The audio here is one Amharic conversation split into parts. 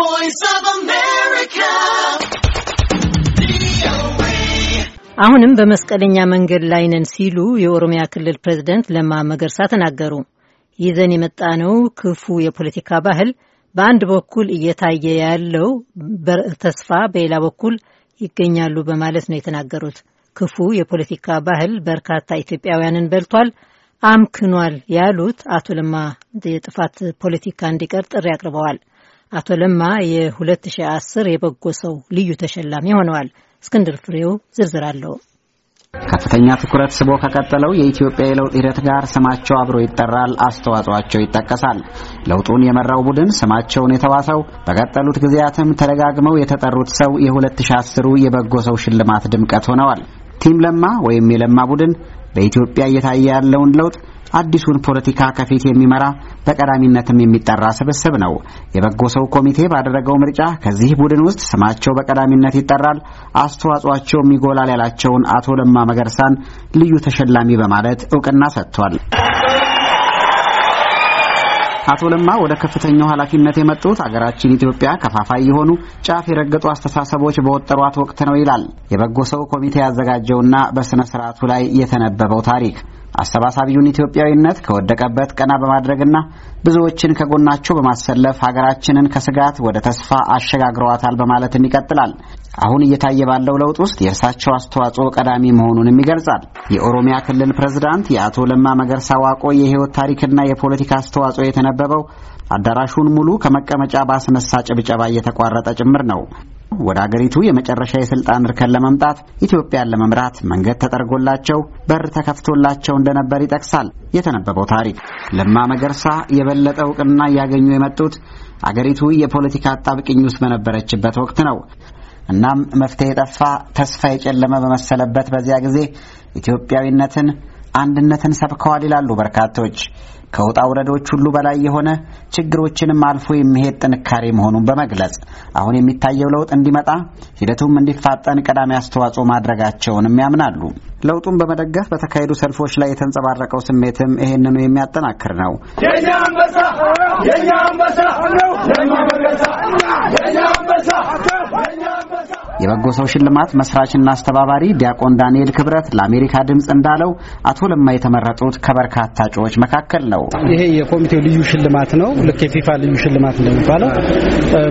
ቮይስ ኦፍ አሜሪካ አሁንም በመስቀለኛ መንገድ ላይ ነን ሲሉ የኦሮሚያ ክልል ፕሬዝደንት ለማ መገርሳ ተናገሩ። ይዘን የመጣነው ክፉ የፖለቲካ ባህል በአንድ በኩል እየታየ ያለው ተስፋ በሌላ በኩል ይገኛሉ በማለት ነው የተናገሩት። ክፉ የፖለቲካ ባህል በርካታ ኢትዮጵያውያንን በልቷል፣ አምክኗል ያሉት አቶ ለማ የጥፋት ፖለቲካ እንዲቀር ጥሪ አቅርበዋል። አቶ ለማ የ2010 የበጎ ሰው ልዩ ተሸላሚ ሆነዋል። እስክንድር ፍሬው ዝርዝር አለው። ከፍተኛ ትኩረት ስቦ ከቀጠለው የኢትዮጵያ የለውጥ ሂደት ጋር ስማቸው አብሮ ይጠራል፣ አስተዋጽኦቸው ይጠቀሳል። ለውጡን የመራው ቡድን ስማቸውን የተዋሰው በቀጠሉት ጊዜያትም ተደጋግመው የተጠሩት ሰው የ2010ሩ የበጎ ሰው ሽልማት ድምቀት ሆነዋል። ቲም ለማ ወይም የለማ ቡድን በኢትዮጵያ እየታየ ያለውን ለውጥ አዲሱን ፖለቲካ ከፊት የሚመራ በቀዳሚነትም የሚጠራ ስብስብ ነው። የበጎ ሰው ኮሚቴ ባደረገው ምርጫ ከዚህ ቡድን ውስጥ ስማቸው በቀዳሚነት ይጠራል፣ አስተዋጽኦቸው ይጎላል ያላቸውን አቶ ለማ መገርሳን ልዩ ተሸላሚ በማለት እውቅና ሰጥቷል። አቶ ለማ ወደ ከፍተኛው ኃላፊነት የመጡት ሀገራችን ኢትዮጵያ ከፋፋይ የሆኑ ጫፍ የረገጡ አስተሳሰቦች በወጠሯት ወቅት ነው ይላል የበጎ ሰው ኮሚቴ ያዘጋጀውና በሥነ ሥርዓቱ ላይ የተነበበው ታሪክ። አሰባሳቢውን ኢትዮጵያዊነት ከወደቀበት ቀና በማድረግና ብዙዎችን ከጎናቸው በማሰለፍ ሀገራችንን ከስጋት ወደ ተስፋ አሸጋግረዋታል በማለትም ይቀጥላል። አሁን እየታየ ባለው ለውጥ ውስጥ የእርሳቸው አስተዋጽኦ ቀዳሚ መሆኑንም ይገልጻል። የኦሮሚያ ክልል ፕሬዝዳንት የአቶ ለማ መገርሳ ዋቆ የህይወት ታሪክና የፖለቲካ አስተዋጽኦ የተነበበው አዳራሹን ሙሉ ከመቀመጫ ባስነሳ ጭብጨባ እየተቋረጠ ጭምር ነው። ወደ አገሪቱ የመጨረሻ የስልጣን እርከን ለመምጣት ኢትዮጵያን ለመምራት መንገድ ተጠርጎላቸው በር ተከፍቶላቸው እንደነበር ይጠቅሳል የተነበበው ታሪክ። ለማ መገርሳ የበለጠ እውቅና እያገኙ የመጡት አገሪቱ የፖለቲካ አጣብቅኝ ውስጥ በነበረችበት ወቅት ነው። እናም መፍትሄ የጠፋ ተስፋ የጨለመ በመሰለበት በዚያ ጊዜ ኢትዮጵያዊነትን አንድነትን ሰብከዋል ይላሉ በርካቶች። ከውጣ ውረዶች ሁሉ በላይ የሆነ ችግሮችንም አልፎ የሚሄድ ጥንካሬ መሆኑን በመግለጽ አሁን የሚታየው ለውጥ እንዲመጣ ሂደቱም እንዲፋጠን ቀዳሚ አስተዋጽኦ ማድረጋቸውንም ያምናሉ። ለውጡን በመደገፍ በተካሄዱ ሰልፎች ላይ የተንጸባረቀው ስሜትም ይሄንኑ የሚያጠናክር ነው። አንበሳ የበጎ ሰው ሽልማት መስራችና አስተባባሪ ዲያቆን ዳንኤል ክብረት ለአሜሪካ ድምፅ እንዳለው አቶ ለማ የተመረጡት ከበርካታ እጩዎች መካከል ነው። ይሄ የኮሚቴው ልዩ ሽልማት ነው። ልክ የፊፋ ልዩ ሽልማት እንደሚባለው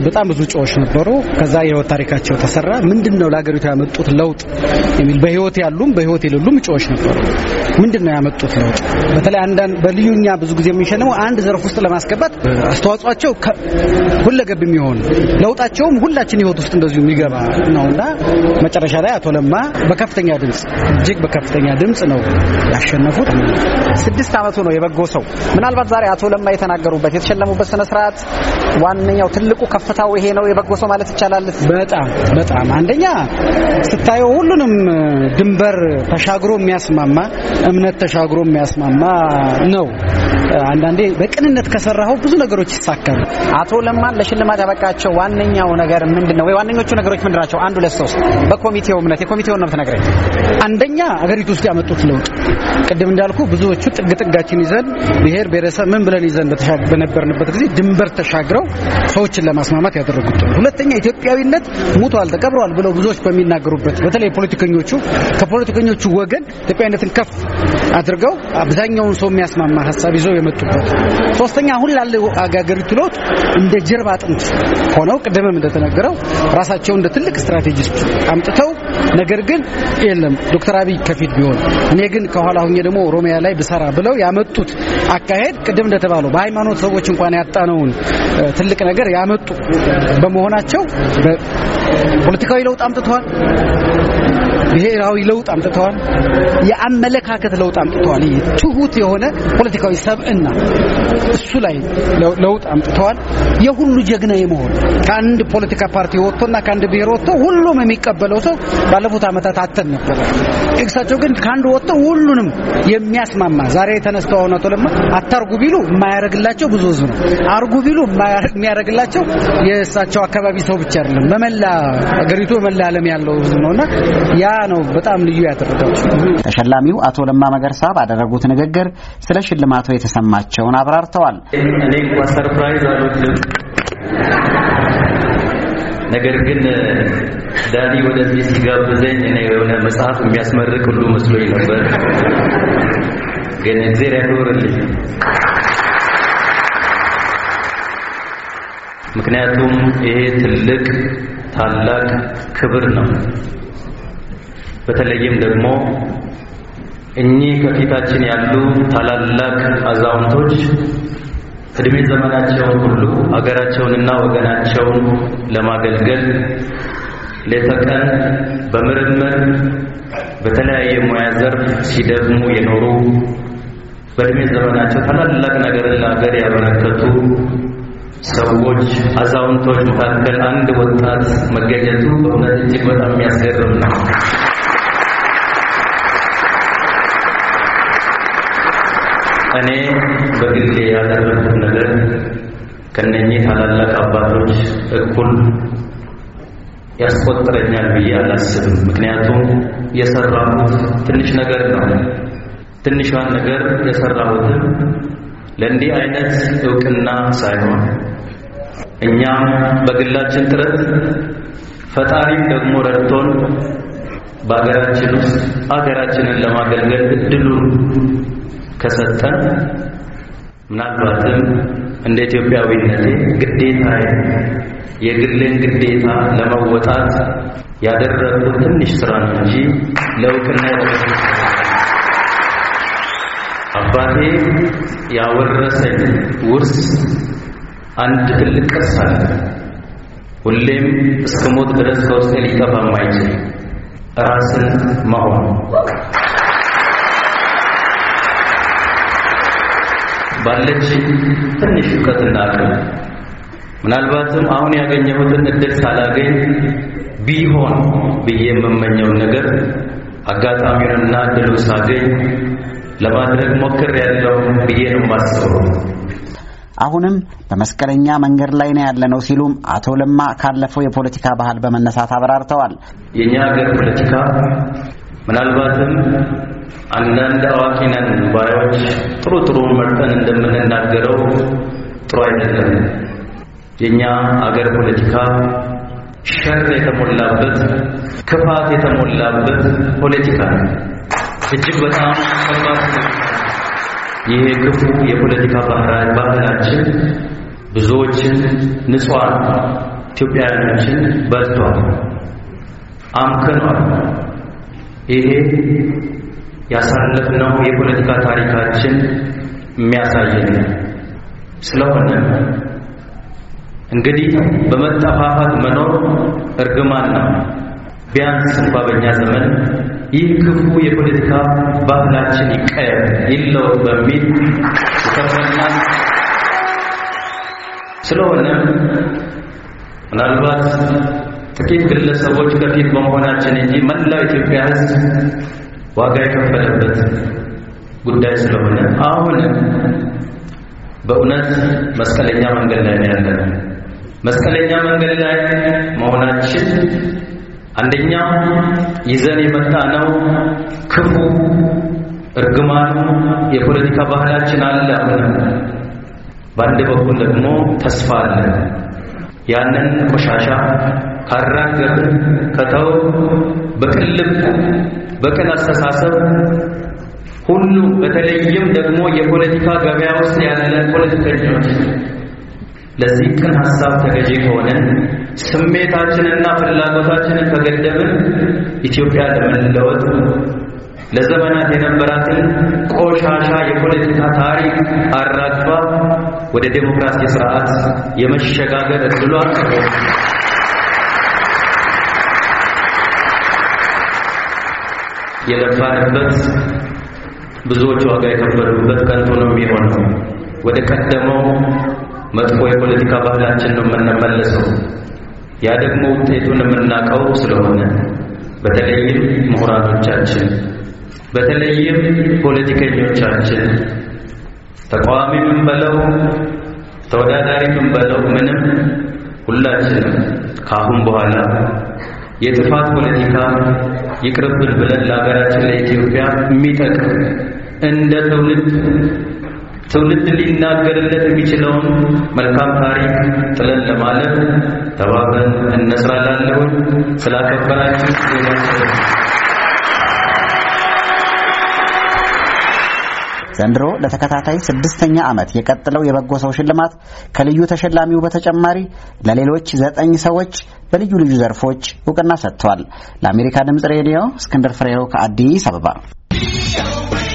በጣም ብዙ እጩዎች ነበሩ። ከዛ የህይወት ታሪካቸው ተሰራ። ምንድን ነው ለሀገሪቱ ያመጡት ለውጥ የሚል በህይወት ያሉም በህይወት የሌሉም እጩዎች ነበሩ። ምንድን ነው ያመጡት ለውጥ በተለይ አንዳንድ በልዩኛ ብዙ ጊዜ የሚሸነው አንድ ዘርፍ ውስጥ ለማስገባት አስተዋጽኦቸው ሁለገብ የሚሆን ለውጣቸውም ሁላችን ህይወት ውስጥ እንደዚሁ የሚገባ ነው ነውና መጨረሻ ላይ አቶ ለማ በከፍተኛ ድምጽ እጅግ በከፍተኛ ድምጽ ነው ያሸነፉት። ስድስት ዓመቱ ነው የበጎ ሰው። ምናልባት ዛሬ አቶ ለማ የተናገሩበት የተሸለሙበት ስነ ስርዓት ዋነኛው ትልቁ ከፍታው ይሄ ነው የበጎ ሰው ማለት ይቻላል። በጣም በጣም አንደኛ ስታየው ሁሉንም ድንበር ተሻግሮ የሚያስማማ እምነት ተሻግሮ የሚያስማማ ነው። አንዳንዴ በቅንነት ከሰራኸው ብዙ ነገሮች ይሳካሉ። አቶ ለማን ለሽልማት ያበቃቸው ዋነኛው ነገር ምንድን ነው? ወይ ዋነኞቹ ነገሮች ምንድን ናቸው? አንድ ሁለት ሶስት በኮሚቴው እምነት የኮሚቴውን ነው የምትነግረኝ። አንደኛ አገሪቱ ውስጥ ያመጡት ለውጥ ቅድም እንዳልኩ ብዙዎቹ ጥግ ጥጋችን ይዘን ብሔር ብሔረሰብ ምን ብለን ይዘን በነበርንበት ጊዜ ድንበር ተሻግረው ሰዎችን ለማስማማት ያደረጉት። ሁለተኛ ኢትዮጵያዊነት ሙቷል ተቀብሯል ብለው ብዙዎች በሚናገሩበት በተለይ ፖለቲከኞቹ ከፖለቲከኞቹ ወገን ኢትዮጵያዊነትን ከፍ አድርገው አብዛኛውን ሰው የሚያስማማ ሀሳብ ይዘው የመጡበት። ሶስተኛ አሁን ላለው አገሪቱ ለውጥ እንደ ጀርባ አጥንት ሆነው ቅድምም እንደተነገረው ራሳቸው እንደ ትልቅ ስትራ ስትራቴጂስት አምጥተው ነገር ግን የለም ዶክተር አብይ ከፊት ቢሆን እኔ ግን ከኋላ ሁኜ ደግሞ ኦሮሚያ ላይ ብሰራ ብለው ያመጡት አካሄድ ቅድም እንደተባለው በሃይማኖት ሰዎች እንኳን ያጣነውን ትልቅ ነገር ያመጡ በመሆናቸው ፖለቲካዊ ለውጥ አምጥተዋል። ብሔራዊ ለውጥ አምጥተዋል። የአመለካከት ለውጥ አምጥተዋል። ይሄ ትሁት የሆነ ፖለቲካዊ ሰብእና እሱ ላይ ለውጥ አምጥተዋል። የሁሉ ጀግና የመሆን ከአንድ ፖለቲካ ፓርቲ ወጥቶና ከአንድ ብሔር ወጥቶ ሁሉም የሚቀበለው ሰው ባለፉት ዓመታት አተን ነበር። እሳቸው ግን ከአንድ ወጥቶ ሁሉንም የሚያስማማ ዛሬ የተነስተው አሁን አቶ ለማ አታርጉ ቢሉ የማያረግላቸው ብዙ ህዝብ ነው። አርጉ ቢሉ የሚያረግላቸው የእሳቸው አካባቢ ሰው ብቻ አይደለም፣ በመላ አገሪቱ በመላ ዓለም ያለው ህዝብ ነውና ያ ነው በጣም ልዩ ያደረገው። ተሸላሚው አቶ ለማ መገርሳ ባደረጉት ንግግር ስለ ሽልማቱ የተሰማቸውን አብራርተዋል። እኔ እንኳን ሰርፕራይዝ አልወድም፣ ነገር ግን ዳኒ ወደዚህ ሲጋብዘኝ እኔ የሆነ መጽሐፍ የሚያስመርቅ ሁሉ መስሎኝ ነበር። ግን እግዜር ያኖርልኝ ምክንያቱም ይሄ ትልቅ ታላቅ ክብር ነው። በተለይም ደግሞ እኚህ ከፊታችን ያሉ ታላላቅ አዛውንቶች እድሜ ዘመናቸውን ሁሉ አገራቸውንና ወገናቸውን ለማገልገል ሌተቀን በምርምር በተለያየ ሙያ ዘርፍ ሲደግሙ የኖሩ በእድሜ ዘመናቸው ታላላቅ ነገርን ለሀገር ያበረከቱ ሰዎች አዛውንቶች መካከል አንድ ወጣት መገኘቱ በእውነት እጅግ በጣም የሚያስገርም ነው። እኔ በግሌ ያደረኩት ነገር ከነኚህ ታላላቅ አባቶች እኩል ያስቆጥረኛል ብዬ አላስብም። ምክንያቱም የሰራሁት ትንሽ ነገር ነው። ትንሿን ነገር የሰራሁትም ለእንዲህ አይነት እውቅና ሳይሆን እኛም በግላችን ጥረት ፈጣሪም ደግሞ ረድቶን በአገራችን ውስጥ አገራችንን ለማገልገል እድሉን ከሰጠን ምናልባትም እንደ ኢትዮጵያዊነቴ ግዴታ የግሌን ግዴታ ለመወጣት ያደረግኩ ትንሽ ስራ ነው እንጂ ለውቅና አባቴ ያወረሰኝ ውርስ አንድ ትልቅ ቅርስ አለ። ሁሌም እስከ ሞት ድረስ ከውስጤ ሊጠፋ የማይችል ራስን መሆን ባለችኝ ትንሽ እውቀትና አቅም ምናልባትም አሁን ያገኘሁትን እድል ሳላገኝ ቢሆን ብዬ የምመኘውን ነገር አጋጣሚውንና እድሉን ሳገኝ ለማድረግ ሞክር ያለው ብዬ ነው አሁንም በመስቀለኛ መንገድ ላይ ነው ያለነው ሲሉም አቶ ለማ ካለፈው የፖለቲካ ባህል በመነሳት አብራርተዋል። የእኛ ሀገር ፖለቲካ ምናልባትም አንዳንድ አዋቂ ነን ባዮች ጥሩ ጥሩ መርጠን እንደምንናገረው ጥሩ አይደለም። የኛ አገር ፖለቲካ ሸር የተሞላበት ክፋት የተሞላበት ፖለቲካ ነው። እጅግ በጣም ከባድ ይሄ ክፉ የፖለቲካ ባህላችን ብዙዎችን ንጹሃን ኢትዮጵያውያኖችን በልቷል፣ አምክኗል። ይሄ ያሳለፍነው የፖለቲካ ታሪካችን የሚያሳየን ስለሆነ እንግዲህ በመጠፋፋት መኖር እርግማን ነው። ቢያንስ እንኳ በእኛ ዘመን ይህ ክፉ የፖለቲካ ባህላችን ይቀየር ይለው በሚል ይከፈናል። ስለሆነም ምናልባት ጥቂት ግለሰቦች ከፊት በመሆናችን እንጂ መላው ኢትዮጵያ ሕዝብ ዋጋ የከፈለበት ጉዳይ ስለሆነ አሁን በእውነት መስቀለኛ መንገድ ላይ ነው ያለነው። መስቀለኛ መንገድ ላይ መሆናችን አንደኛ ይዘን ነው ክፉ እርግማኑ የፖለቲካ ባህላችን አለ። አሁን በአንድ በኩል ደግሞ ተስፋ አለ። ያንን ቆሻሻ ካራገብን ከተው በቅልብ በቅን አስተሳሰብ ሁሉ በተለይም ደግሞ የፖለቲካ ገበያ ውስጥ ያለን ፖለቲከኞች ለዚህ ቅን ሀሳብ ተገዢ ከሆነን ስሜታችንና ፍላጎታችንን ከገደብን ኢትዮጵያ ለመለወጥ ለዘመናት የነበራትን ቆሻሻ የፖለቲካ ታሪክ አራግፋ ወደ ዴሞክራሲ ስርዓት የመሸጋገር እድሏ የለፋንበት ብዙዎች ዋጋ የከፈሉበት ከንቱ ነው የሚሆነው። ወደ ቀደመው መጥፎ የፖለቲካ ባህላችን ነው የምንመለሰው። ያ ደግሞ ውጤቱን የምናውቀው ስለሆነ በተለይም ምሁራኖቻችን በተለይም ፖለቲከኞቻችን ተቃዋሚ በለው ተወዳዳሪ በለው ምንም ሁላችንም ከአሁን በኋላ የጥፋት ፖለቲካ ይቅርብን ብለን ለሀገራችን ለኢትዮጵያ የሚጠቅም እንደ ትውልድ ትውልድ ሊናገርለት የሚችለውን መልካም ታሪክ ጥለን ለማለት ተባብረን እንስራላለሁ። ስላከበራችሁ ዘንድሮ ለተከታታይ ስድስተኛ ዓመት የቀጥለው የበጎ ሰው ሽልማት ከልዩ ተሸላሚው በተጨማሪ ለሌሎች ዘጠኝ ሰዎች በልዩ ልዩ ዘርፎች እውቅና ሰጥተዋል። ለአሜሪካ ድምጽ ሬዲዮ እስክንድር ፍሬው ከአዲስ አበባ